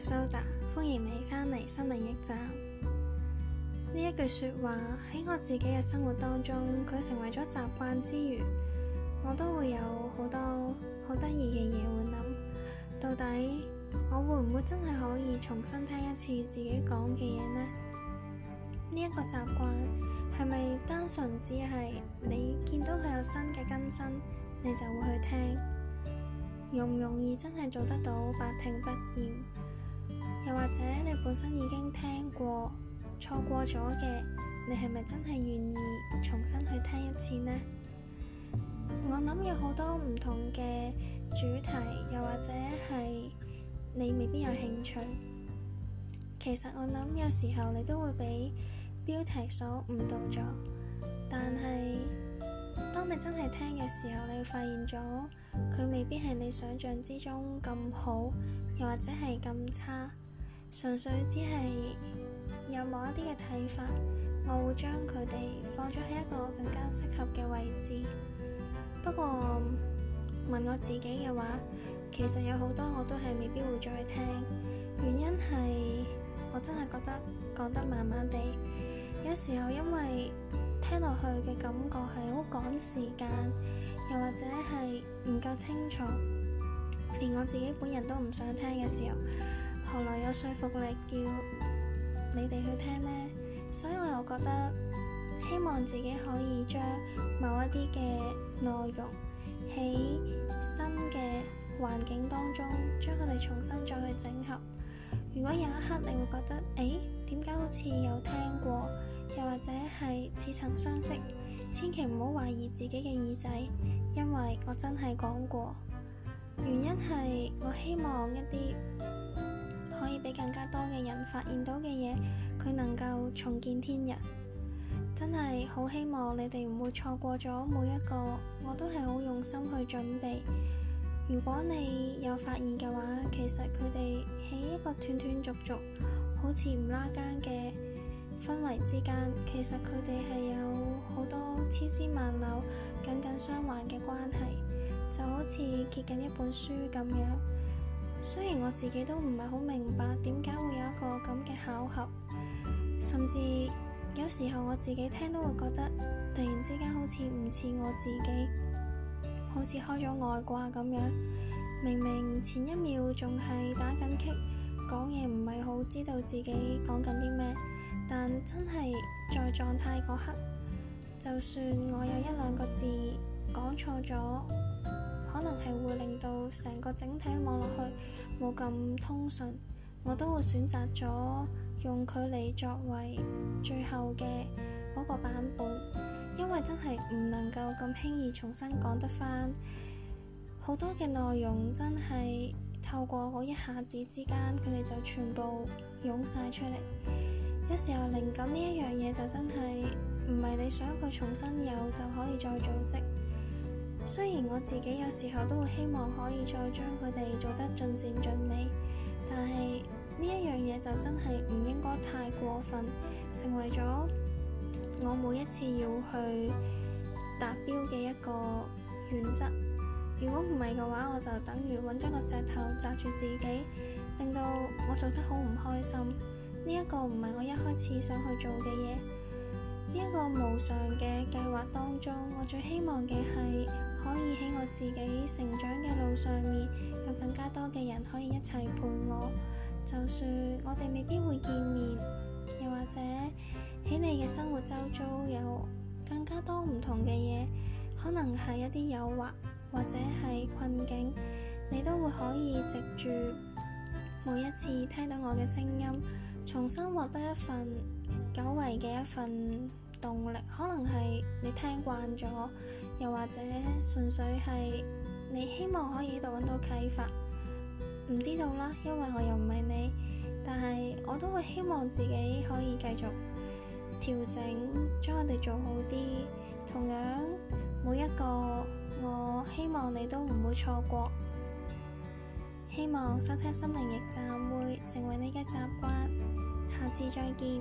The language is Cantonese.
蘇達，so，歡迎你翻嚟心靈驛站。呢一句說話喺我自己嘅生活當中，佢成為咗習慣之餘，我都會有好多好得意嘅嘢會諗。到底我會唔會真係可以重新聽一次自己講嘅嘢呢？呢、這、一個習慣係咪單純只係你見到佢有新嘅更新，你就會去聽？容唔容易真係做得到百聽不厭？又或者你本身已經聽過錯過咗嘅，你係咪真係願意重新去聽一次呢？我諗有好多唔同嘅主題，又或者係你未必有興趣。其實我諗有時候你都會俾標題所誤導咗，但係當你真係聽嘅時候，你會發現咗佢未必係你想象之中咁好，又或者係咁差。純粹只係有某一啲嘅睇法，我會將佢哋放咗喺一個更加適合嘅位置。不過問我自己嘅話，其實有好多我都係未必會再聽，原因係我真係覺得講得麻麻地。有時候因為聽落去嘅感覺係好趕時間，又或者係唔夠清楚，連我自己本人都唔想聽嘅時候。何來有說服力叫你哋去聽呢？所以我又覺得希望自己可以將某一啲嘅內容喺新嘅環境當中，將佢哋重新再去整合。如果有一刻你會覺得誒，點解好似有聽過？又或者係似曾相識，千祈唔好懷疑自己嘅耳仔，因為我真係講過。原因係我希望一啲。可以俾更加多嘅人發現到嘅嘢，佢能夠重見天日，真係好希望你哋唔會錯過咗每一個。我都係好用心去準備。如果你有發現嘅話，其實佢哋喺一個斷斷續續、好似唔拉更嘅氛圍之間，其實佢哋係有好多千絲萬縷、緊緊相環嘅關係，就好似揭緊一本書咁樣。雖然我自己都唔係好明白點解會有一個咁嘅巧合，甚至有時候我自己聽都會覺得突然之間好似唔似我自己，好似開咗外掛咁樣。明明前一秒仲係打緊棘，講嘢唔係好知道自己講緊啲咩，但真係在狀態嗰刻，就算我有一兩個字講錯咗。會令到成個整體望落去冇咁通順，我都會選擇咗用佢嚟，作為最後嘅嗰個版本，因為真係唔能夠咁輕易重新講得翻。好多嘅內容，真係透過嗰一下子之間，佢哋就全部湧晒出嚟。有時候靈感呢一樣嘢就真係唔係你想佢重新有就可以再組織。雖然我自己有時候都會希望可以再將佢哋做得盡善盡美，但係呢一樣嘢就真係唔應該太過分，成為咗我每一次要去達標嘅一個原則。如果唔係嘅話，我就等於揾咗個石頭砸住自己，令到我做得好唔開心。呢一個唔係我一開始想去做嘅嘢。呢一個無常嘅計劃當中，我最希望嘅係，可以喺我自己成長嘅路上面，有更加多嘅人可以一齊陪我。就算我哋未必會見面，又或者喺你嘅生活周遭有更加多唔同嘅嘢，可能係一啲誘惑，或者係困境，你都會可以藉住每一次聽到我嘅聲音，重新獲得一份久違嘅一份。動力可能係你聽慣咗，又或者純粹係你希望可以喺度搵到啟發，唔知道啦。因為我又唔係你，但係我都會希望自己可以繼續調整，將我哋做好啲。同樣，每一個我希望你都唔會錯過。希望收聽心靈驛站會成為你嘅習慣，下次再見。